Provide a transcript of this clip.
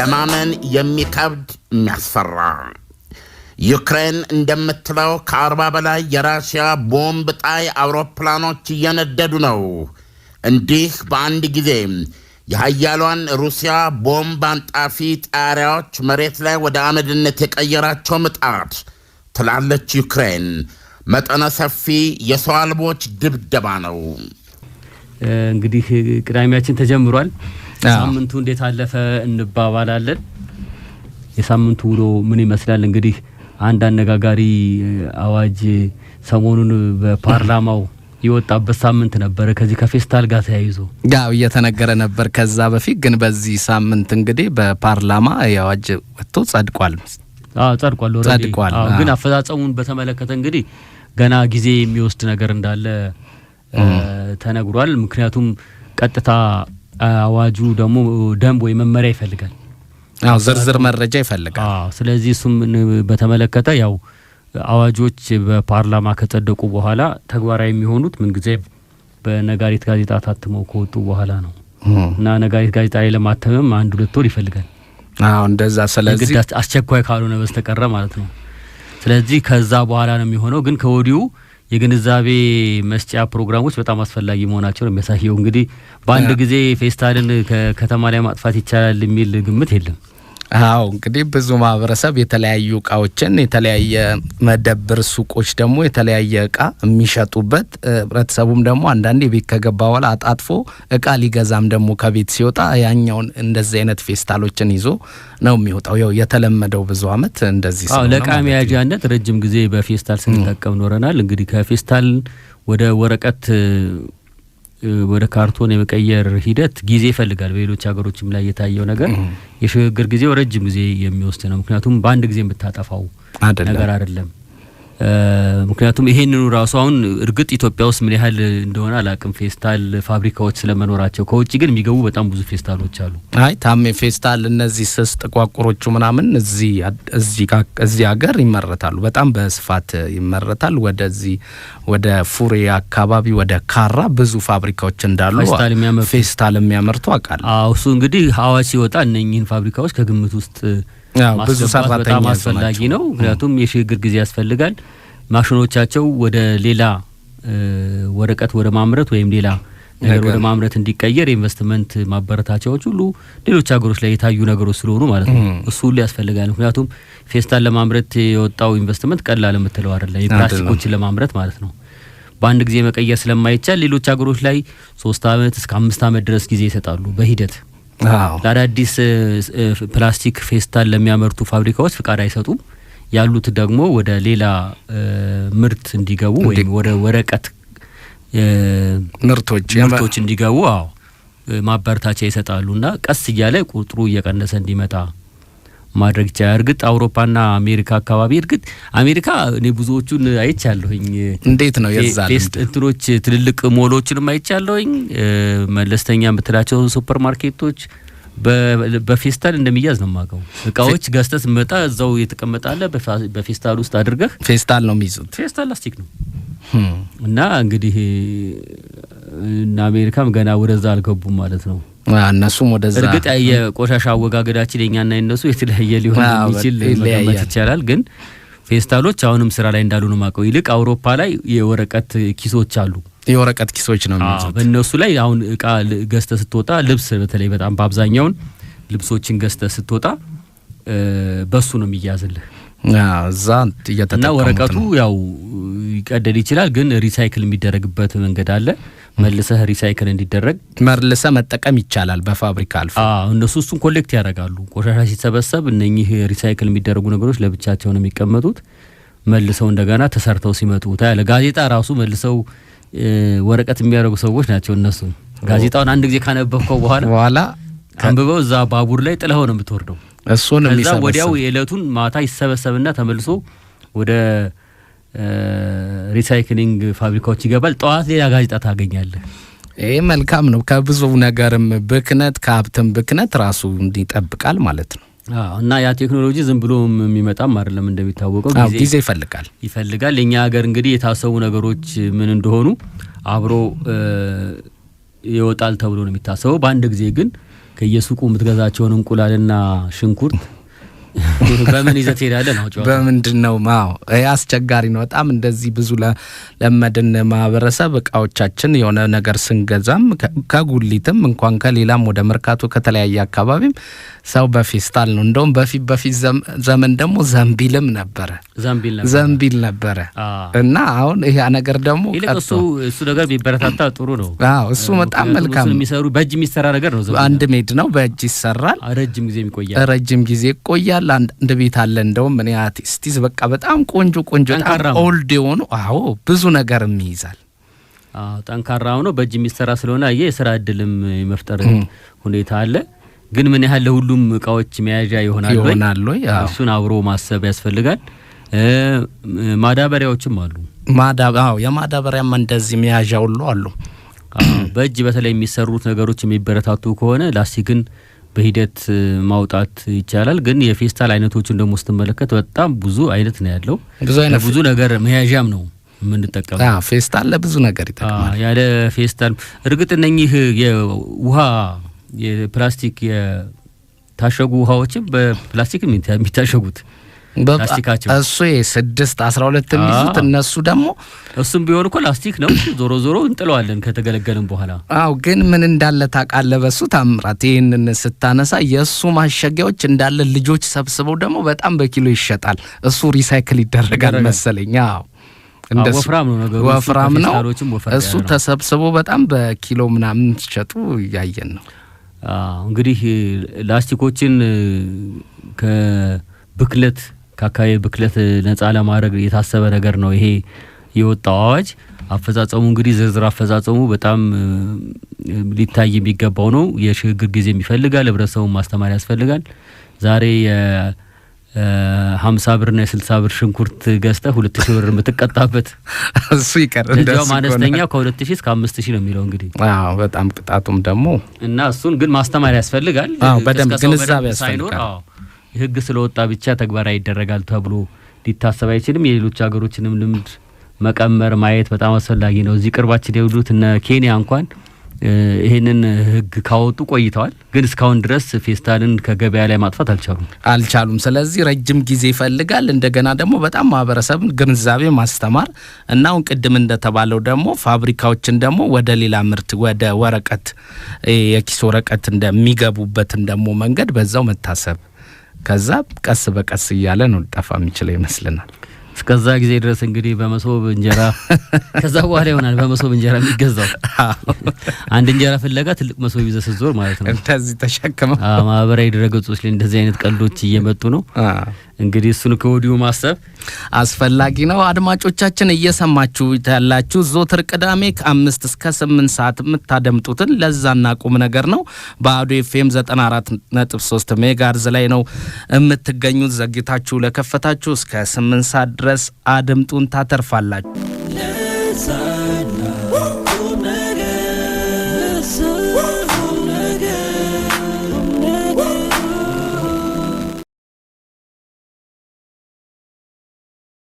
ለማመን የሚከብድ የሚያስፈራ ዩክሬን እንደምትለው ከአርባ በላይ የራሽያ ቦምብ ጣይ አውሮፕላኖች እየነደዱ ነው። እንዲህ በአንድ ጊዜ የሀያሏን ሩሲያ ቦምብ አንጣፊ ጣሪያዎች መሬት ላይ ወደ አመድነት የቀየራቸው ምጣድ ትላለች ዩክሬን። መጠነ ሰፊ የሰው አልቦች ድብደባ ነው። እንግዲህ ቅዳሜያችን ተጀምሯል። ሳምንቱ እንዴት አለፈ እንባባላለን። የሳምንቱ ውሎ ምን ይመስላል? እንግዲህ አንድ አነጋጋሪ አዋጅ ሰሞኑን በፓርላማው የወጣበት ሳምንት ነበረ። ከዚህ ከፌስታል ጋር ተያይዞ ያው እየተነገረ ነበር። ከዛ በፊት ግን በዚህ ሳምንት እንግዲህ በፓርላማ የአዋጅ ወጥቶ ጸድቋል። ጸድቋል፣ ጸድቋል። ግን አፈጻጸሙን በተመለከተ እንግዲህ ገና ጊዜ የሚወስድ ነገር እንዳለ ተነግሯል። ምክንያቱም ቀጥታ አዋጁ ደግሞ ደንብ ወይ መመሪያ ይፈልጋል፣ ዝርዝር መረጃ ይፈልጋል። ስለዚህ እሱም በተመለከተ ያው አዋጆች በፓርላማ ከጸደቁ በኋላ ተግባራዊ የሚሆኑት ምንጊዜ በነጋሪት ጋዜጣ ታትመው ከወጡ በኋላ ነው እና ነጋሪት ጋዜጣ ላይ ለማተመም አንድ ሁለት ወር ይፈልጋል። አዎ እንደዛ። ስለዚህ አስቸኳይ ካልሆነ በስተቀረ ማለት ነው። ስለዚህ ከዛ በኋላ ነው የሚሆነው ግን ከወዲሁ የግንዛቤ መስጫ ፕሮግራሞች በጣም አስፈላጊ መሆናቸው ነው የሚያሳየው። እንግዲህ በአንድ ጊዜ ፌስታልን ከከተማ ላይ ማጥፋት ይቻላል የሚል ግምት የለም። አዎ እንግዲህ ብዙ ማህበረሰብ የተለያዩ እቃዎችን የተለያየ መደብር ሱቆች ደግሞ የተለያየ እቃ የሚሸጡበት ህብረተሰቡም ደግሞ አንዳንድ ቤት ከገባ በኋላ አጣጥፎ እቃ ሊገዛም ደግሞ ከቤት ሲወጣ ያኛውን እንደዚህ አይነት ፌስታሎችን ይዞ ነው የሚወጣው። ያው የተለመደው ብዙ አመት እንደዚህ ለእቃ መያዣነት ረጅም ጊዜ በፌስታል ስንጠቀም ኖረናል። እንግዲህ ከፌስታል ወደ ወረቀት ወደ ካርቶን የመቀየር ሂደት ጊዜ ይፈልጋል። በሌሎች ሀገሮችም ላይ የታየው ነገር የሽግግር ጊዜው ረጅም ጊዜ የሚወስድ ነው። ምክንያቱም በአንድ ጊዜ የምታጠፋው ነገር አይደለም። ምክንያቱም ይሄንኑ ራሱ አሁን እርግጥ ኢትዮጵያ ውስጥ ምን ያህል እንደሆነ አላቅም፣ ፌስታል ፋብሪካዎች ስለመኖራቸው። ከውጭ ግን የሚገቡ በጣም ብዙ ፌስታሎች አሉ። አይ ታሜ ፌስታል እነዚህ ስስ ጥቋቁሮቹ ምናምን እዚህ ሀገር ይመረታሉ፣ በጣም በስፋት ይመረታል። ወደዚህ ወደ ፉሬ አካባቢ ወደ ካራ ብዙ ፋብሪካዎች እንዳሉ ፌስታል የሚያመርቱ አውቃለሁ። እሱ እንግዲህ አዋጅ ሲወጣ እነኚህን ፋብሪካዎች ከግምት ውስጥ ማስገባት በጣም አስፈላጊ ነው። ምክንያቱም የሽግግር ጊዜ ያስፈልጋል። ማሽኖቻቸው ወደ ሌላ ወረቀት ወደ ማምረት ወይም ሌላ ነገር ወደ ማምረት እንዲቀየር የኢንቨስትመንት ማበረታቻዎች ሁሉ ሌሎች ሀገሮች ላይ የታዩ ነገሮች ስለሆኑ ማለት ነው እሱ ሁሉ ያስፈልጋል። ምክንያቱም ፌስታን ለማምረት የወጣው ኢንቨስትመንት ቀላል የምትለው አይደለም፣ የፕላስቲኮችን ለማምረት ማለት ነው። በአንድ ጊዜ መቀየር ስለማይቻል ሌሎች ሀገሮች ላይ ሶስት አመት እስከ አምስት አመት ድረስ ጊዜ ይሰጣሉ በሂደት ለአዳዲስ ፕላስቲክ ፌስታል ለሚያመርቱ ፋብሪካዎች ፍቃድ አይሰጡም። ያሉት ደግሞ ወደ ሌላ ምርት እንዲገቡ ወይም ወደ ወረቀት ምርቶች ምርቶች እንዲገቡ አዎ ማበረታቻ ይሰጣሉ እና ቀስ እያለ ቁጥሩ እየቀነሰ እንዲመጣ ማድረግ ይቻላል። እርግጥ አውሮፓና አሜሪካ አካባቢ እርግጥ አሜሪካ እኔ ብዙዎቹን አይቻለሁኝ። እንዴት ነው የዛ ቴስት እንትኖች ትልልቅ ሞሎችንም አይቻለሁኝ። መለስተኛ የምትላቸው ሱፐር ማርኬቶች በፌስታል እንደሚያዝ ነው የማውቀው። እቃዎች ገዝተህ ስትመጣ እዛው የተቀመጣለ በፌስታል ውስጥ አድርገህ ፌስታል ነው የሚይዙት። ፌስታል ላስቲክ ነው እና እንግዲህ እና አሜሪካም ገና ወደዛ አልገቡም ማለት ነው። እነሱም ወደዛ እርግጥ የቆሻሻ አወጋገዳችን የኛና የነሱ የተለያየ ሊሆን የሚችል መገመት ይቻላል። ግን ፌስታሎች አሁንም ስራ ላይ እንዳሉ ነው ማቀው። ይልቅ አውሮፓ ላይ የወረቀት ኪሶች አሉ። የወረቀት ኪሶች ነው በእነሱ ላይ አሁን እቃ ገዝተ ስትወጣ ልብስ፣ በተለይ በጣም በአብዛኛውን ልብሶችን ገዝተ ስትወጣ በሱ ነው የሚያዝልህ እዛ እየተጠቀሙት እና ወረቀቱ ያው ይቀደድ ይችላል፣ ግን ሪሳይክል የሚደረግበት መንገድ አለ። መልሰህ ሪሳይክል እንዲደረግ መልሰ መጠቀም ይቻላል። በፋብሪካ አልፎ እነሱ እሱን ኮሌክት ያደርጋሉ። ቆሻሻ ሲሰበሰብ እነኚህ ሪሳይክል የሚደረጉ ነገሮች ለብቻቸው ነው የሚቀመጡት። መልሰው እንደገና ተሰርተው ሲመጡ ታያለ። ጋዜጣ ራሱ መልሰው ወረቀት የሚያደርጉ ሰዎች ናቸው እነሱ። ጋዜጣውን አንድ ጊዜ ካነበብከው በኋላ በኋላ አንብበው እዛ ባቡር ላይ ጥለኸው ነው የምትወርደው። እሱን ወዲያው የዕለቱን ማታ ይሰበሰብና ተመልሶ ወደ ሪሳይክሊንግ ፋብሪካዎች ይገባል። ጠዋት ሌላ ጋዜጣ ታገኛለህ። ይህ መልካም ነው። ከብዙ ነገርም ብክነት ከሀብትም ብክነት ራሱ እንዲጠብቃል ማለት ነው። እና ያ ቴክኖሎጂ ዝም ብሎ የሚመጣም አይደለም። እንደሚታወቀው ጊዜ ይፈልጋል ይፈልጋል። የእኛ ሀገር እንግዲህ የታሰቡ ነገሮች ምን እንደሆኑ አብሮ ይወጣል ተብሎ ነው የሚታሰበው። በአንድ ጊዜ ግን ከየሱቁ የምትገዛቸውን እንቁላልና ሽንኩርት በምን ይዘህ ትሄዳለህ ነው ጨዋታ በምንድን ነው ማው አስቸጋሪ ነው በጣም እንደዚህ ብዙ ለመድን ማህበረሰብ እቃዎቻችን የሆነ ነገር ስንገዛም ከጉሊትም እንኳን ከሌላም ወደ መርካቶ ከተለያየ አካባቢም ሰው በፌስታል ነው እንደውም በፊት በፊት ዘመን ደግሞ ዘንቢልም ነበረ ዘንቢል ነበረ እና አሁን ይ ነገር ደግሞ እሱ ነገር ቢበረታታ ጥሩ ነው እሱ በጣም መልካም የሚሰሩ በእጅ የሚሰራ ነገር ነው አንድ ሜድ ነው በእጅ ይሰራል ረጅም ጊዜ ይቆያል ረጅም ጊዜ ይቆያል ያለ አንድ ቤት አለ። እንደውም እኔ አርቲስቲዝ በቃ በጣም ቆንጆ ቆንጆ ኦልድ የሆኑ አዎ፣ ብዙ ነገር የሚይዛል ጠንካራ ሆኖ በእጅ የሚሰራ ስለሆነ አየ የስራ እድልም የመፍጠር ሁኔታ አለ። ግን ምን ያህል ለሁሉም እቃዎች መያዣ ይሆናል ወይ እሱን አብሮ ማሰብ ያስፈልጋል። ማዳበሪያዎችም አሉ። የማዳበሪያም እንደዚህ መያዣ ሁሉ አሉ። በእጅ በተለይ የሚሰሩት ነገሮች የሚበረታቱ ከሆነ ላስቲክን በሂደት ማውጣት ይቻላል። ግን የፌስታል አይነቶችን ደግሞ ስትመለከት በጣም ብዙ አይነት ነው ያለው። ብዙ ነገር መያዣም ነው የምንጠቀመው። ፌስታል ለብዙ ነገር ይጠቅማል። ያለ ፌስታል እርግጥ እነኚህ የውሃ የፕላስቲክ የታሸጉ ውሃዎችም በፕላስቲክ የሚታሸጉት ላስቲካቸው እሱ ስድስት አስራ ሁለት የሚይዙት እነሱ ደግሞ እሱም ቢሆን እኮ ላስቲክ ነው። ዞሮ ዞሮ እንጥለዋለን ከተገለገልን በኋላ። አው ግን ምን እንዳለ ታውቃለህ? በሱ ታምራት ይህንን ስታነሳ የእሱ ማሸጊያዎች እንዳለ ልጆች ሰብስበው ደግሞ በጣም በኪሎ ይሸጣል። እሱ ሪሳይክል ይደረጋል መሰለኝ። አዎ ወፍራም ነው ነገሩ፣ ወፍራም ነው እሱ ተሰብስቦ በጣም በኪሎ ምናምን ሲሸጡ እያየን ነው። እንግዲህ ላስቲኮችን ከብክለት ከአካባቢ ብክለት ነጻ ለማድረግ የታሰበ ነገር ነው ይሄ የወጣው አዋጅ። አፈጻጸሙ እንግዲህ ዝርዝር አፈጻጸሙ በጣም ሊታይ የሚገባው ነው። የሽግግር ጊዜም ይፈልጋል። ህብረተሰቡን ማስተማር ያስፈልጋል። ዛሬ ሀምሳ ብርና የስልሳ ብር ሽንኩርት ገዝተህ ሁለት ሺህ ብር የምትቀጣበት እሱ ይቀር እንደዚያውም አነስተኛ ከሁለት ሺህ እስከ አምስት ሺህ ነው የሚለው እንግዲህ በጣም ቅጣቱም ደግሞ እና እሱን ግን ማስተማር ያስፈልጋል። በደንብ ግንዛቤ ያስፈልጋል። ህግ ስለወጣ ብቻ ተግባራዊ ይደረጋል ተብሎ ሊታሰብ አይችልም። የሌሎች ሀገሮችንም ልምድ መቀመር ማየት በጣም አስፈላጊ ነው። እዚህ ቅርባችን የሄዱት እነ ኬንያ እንኳን ይህንን ህግ ካወጡ ቆይተዋል። ግን እስካሁን ድረስ ፌስታልን ከገበያ ላይ ማጥፋት አልቻሉም አልቻሉም። ስለዚህ ረጅም ጊዜ ይፈልጋል። እንደገና ደግሞ በጣም ማህበረሰብን ግንዛቤ ማስተማር እና አሁን ቅድም እንደተባለው ደግሞ ፋብሪካዎችን ደግሞ ወደ ሌላ ምርት ወደ ወረቀት የኪስ ወረቀት እንደሚገቡበትም ደግሞ መንገድ በዛው መታሰብ ከዛ ቀስ በቀስ እያለ ነው ሊጠፋ የሚችለው ይመስልናል። እስከዛ ጊዜ ድረስ እንግዲህ በመሶብ እንጀራ ከዛ በኋላ ይሆናል በመሶብ እንጀራ የሚገዛው። አንድ እንጀራ ፍለጋ ትልቅ መሶብ ይዘህ ስትዞር ማለት ነው። እንደዚህ ተሸክመው ማህበራዊ ድረገጾች ላይ እንደዚህ አይነት ቀልዶች እየመጡ ነው። እንግዲህ እሱን ከወዲሁ ማሰብ አስፈላጊ ነው። አድማጮቻችን እየሰማችሁ ያላችሁ ዞትር ቅዳሜ ከአምስት እስከ ስምንት ሰዓት የምታደምጡትን ለዛና ቁም ነገር ነው በአዶ ኤፍኤም 94.3 ሜጋርዝ ላይ ነው የምትገኙት። ዘግታችሁ ለከፈታችሁ እስከ ስምንት ሰዓት ድረስ ድረስ አድምጡን ታተርፋላችሁ።